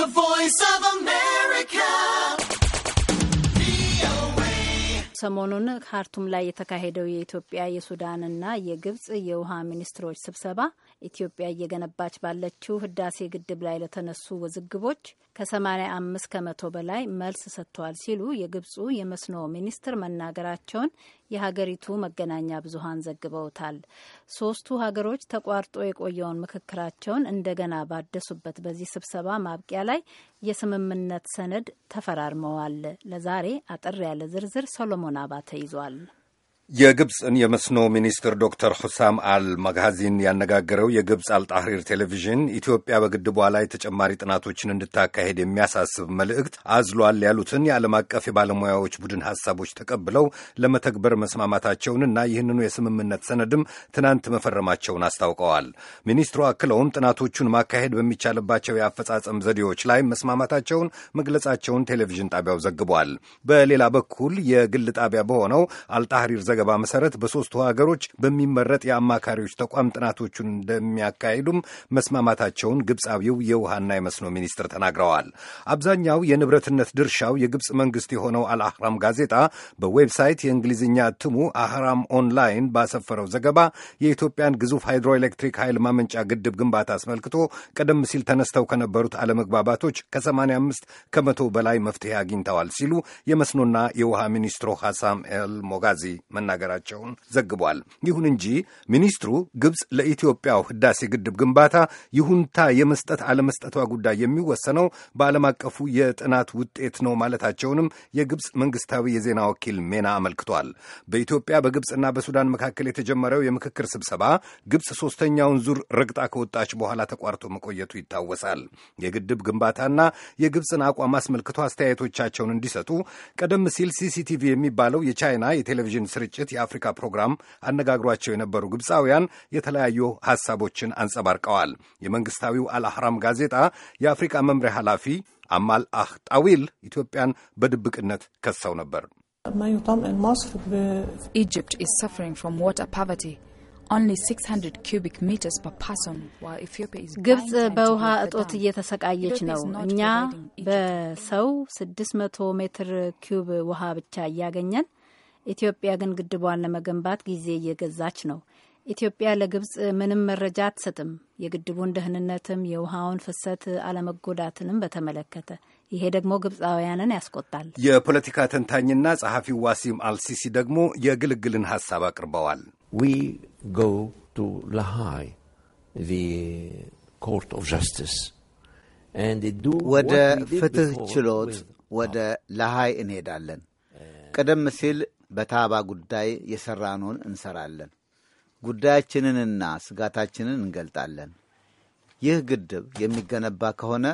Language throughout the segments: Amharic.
The Voice of America. ሰሞኑን ካርቱም ላይ የተካሄደው የኢትዮጵያ የሱዳንና የግብጽ የውሃ ሚኒስትሮች ስብሰባ ኢትዮጵያ እየገነባች ባለችው ህዳሴ ግድብ ላይ ለተነሱ ውዝግቦች ከ85 ከመቶ በላይ መልስ ሰጥተዋል ሲሉ የግብጹ የመስኖ ሚኒስትር መናገራቸውን የሀገሪቱ መገናኛ ብዙሀን ዘግበውታል። ሶስቱ ሀገሮች ተቋርጦ የቆየውን ምክክራቸውን እንደገና ባደሱበት በዚህ ስብሰባ ማብቂያ ላይ የስምምነት ሰነድ ተፈራርመዋል። ለዛሬ አጠር ያለ ዝርዝር ሰሎሞን አባተ ይዟል። የግብፅን የመስኖ ሚኒስትር ዶክተር ሁሳም አል መጋዚን ያነጋገረው የግብፅ አልጣህሪር ቴሌቪዥን ኢትዮጵያ በግድቧ ላይ ተጨማሪ ጥናቶችን እንድታካሄድ የሚያሳስብ መልእክት አዝሏል ያሉትን የዓለም አቀፍ የባለሙያዎች ቡድን ሐሳቦች ተቀብለው ለመተግበር መስማማታቸውንና ይህንኑ የስምምነት ሰነድም ትናንት መፈረማቸውን አስታውቀዋል። ሚኒስትሩ አክለውም ጥናቶቹን ማካሄድ በሚቻልባቸው የአፈጻጸም ዘዴዎች ላይ መስማማታቸውን መግለጻቸውን ቴሌቪዥን ጣቢያው ዘግቧል። በሌላ በኩል የግል ጣቢያ በሆነው አልጣህሪር ዘገባ መሰረት በሦስቱ ሀገሮች በሚመረጥ የአማካሪዎች ተቋም ጥናቶቹን እንደሚያካሂዱም መስማማታቸውን ግብፃዊው የውሃና የመስኖ ሚኒስትር ተናግረዋል። አብዛኛው የንብረትነት ድርሻው የግብፅ መንግስት የሆነው አልአህራም ጋዜጣ በዌብሳይት የእንግሊዝኛ እትሙ አህራም ኦንላይን ባሰፈረው ዘገባ የኢትዮጵያን ግዙፍ ሃይድሮኤሌክትሪክ ኃይል ማመንጫ ግድብ ግንባታ አስመልክቶ ቀደም ሲል ተነስተው ከነበሩት አለመግባባቶች ከ85 ከመቶ በላይ መፍትሄ አግኝተዋል ሲሉ የመስኖና የውሃ ሚኒስትሩ ሐሳም ኤል ሞጋዚ መናገራቸው መናገራቸውን ዘግቧል። ይሁን እንጂ ሚኒስትሩ ግብፅ ለኢትዮጵያው ህዳሴ ግድብ ግንባታ ይሁንታ የመስጠት አለመስጠቷ ጉዳይ የሚወሰነው በዓለም አቀፉ የጥናት ውጤት ነው ማለታቸውንም የግብፅ መንግስታዊ የዜና ወኪል ሜና አመልክቷል። በኢትዮጵያ በግብፅና በሱዳን መካከል የተጀመረው የምክክር ስብሰባ ግብፅ ሶስተኛውን ዙር ረግጣ ከወጣች በኋላ ተቋርጦ መቆየቱ ይታወሳል። የግድብ ግንባታና የግብፅን አቋም አስመልክቶ አስተያየቶቻቸውን እንዲሰጡ ቀደም ሲል ሲሲቲቪ የሚባለው የቻይና የቴሌቪዥን ስርጭ ስርጭት የአፍሪካ ፕሮግራም አነጋግሯቸው የነበሩ ግብፃውያን የተለያዩ ሐሳቦችን አንጸባርቀዋል። የመንግሥታዊው አልአህራም ጋዜጣ የአፍሪካ መምሪያ ኃላፊ አማል አህ ጣዊል ኢትዮጵያን በድብቅነት ከሰው ነበር። ኢጅፕት ኢዝ ሰፍሪንግ ፍሮም ዋተር ፖቨርቲ ግብጽ በውሃ እጦት እየተሰቃየች ነው። እኛ በሰው 600 ሜትር ኪዩብ ውሃ ብቻ እያገኘን ኢትዮጵያ ግን ግድቧን ለመገንባት ጊዜ እየገዛች ነው። ኢትዮጵያ ለግብጽ ምንም መረጃ አትሰጥም፣ የግድቡን ደህንነትም የውሃውን ፍሰት አለመጎዳትንም በተመለከተ። ይሄ ደግሞ ግብፃውያንን ያስቆጣል። የፖለቲካ ተንታኝና ጸሐፊው ዋሲም አልሲሲ ደግሞ የግልግልን ሀሳብ አቅርበዋል። ወደ ፍትህ ችሎት ወደ ለሃይ እንሄዳለን። ቀደም ሲል በታባ ጉዳይ የሰራነውን እንሰራለን። ጉዳያችንንና ስጋታችንን እንገልጣለን። ይህ ግድብ የሚገነባ ከሆነ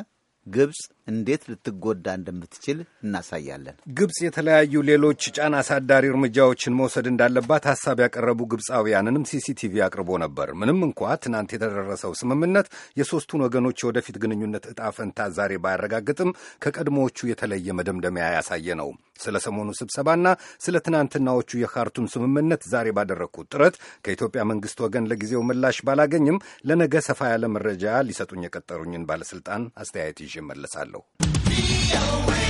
ግብፅ እንዴት ልትጎዳ እንደምትችል እናሳያለን። ግብፅ የተለያዩ ሌሎች ጫና አሳዳሪ እርምጃዎችን መውሰድ እንዳለባት ሀሳብ ያቀረቡ ግብፃውያንንም ሲሲቲቪ አቅርቦ ነበር። ምንም እንኳ ትናንት የተደረሰው ስምምነት የሦስቱን ወገኖች የወደፊት ግንኙነት እጣ ፈንታ ዛሬ ባያረጋግጥም ከቀድሞዎቹ የተለየ መደምደሚያ ያሳየ ነው። ስለ ሰሞኑ ስብሰባና ስለ ትናንትናዎቹ የካርቱም ስምምነት ዛሬ ባደረግኩት ጥረት ከኢትዮጵያ መንግስት ወገን ለጊዜው ምላሽ ባላገኝም ለነገ ሰፋ ያለ መረጃ ሊሰጡኝ የቀጠሩኝን ባለሥልጣን አስተያየት ይዤ መለሳለሁ። Orlando.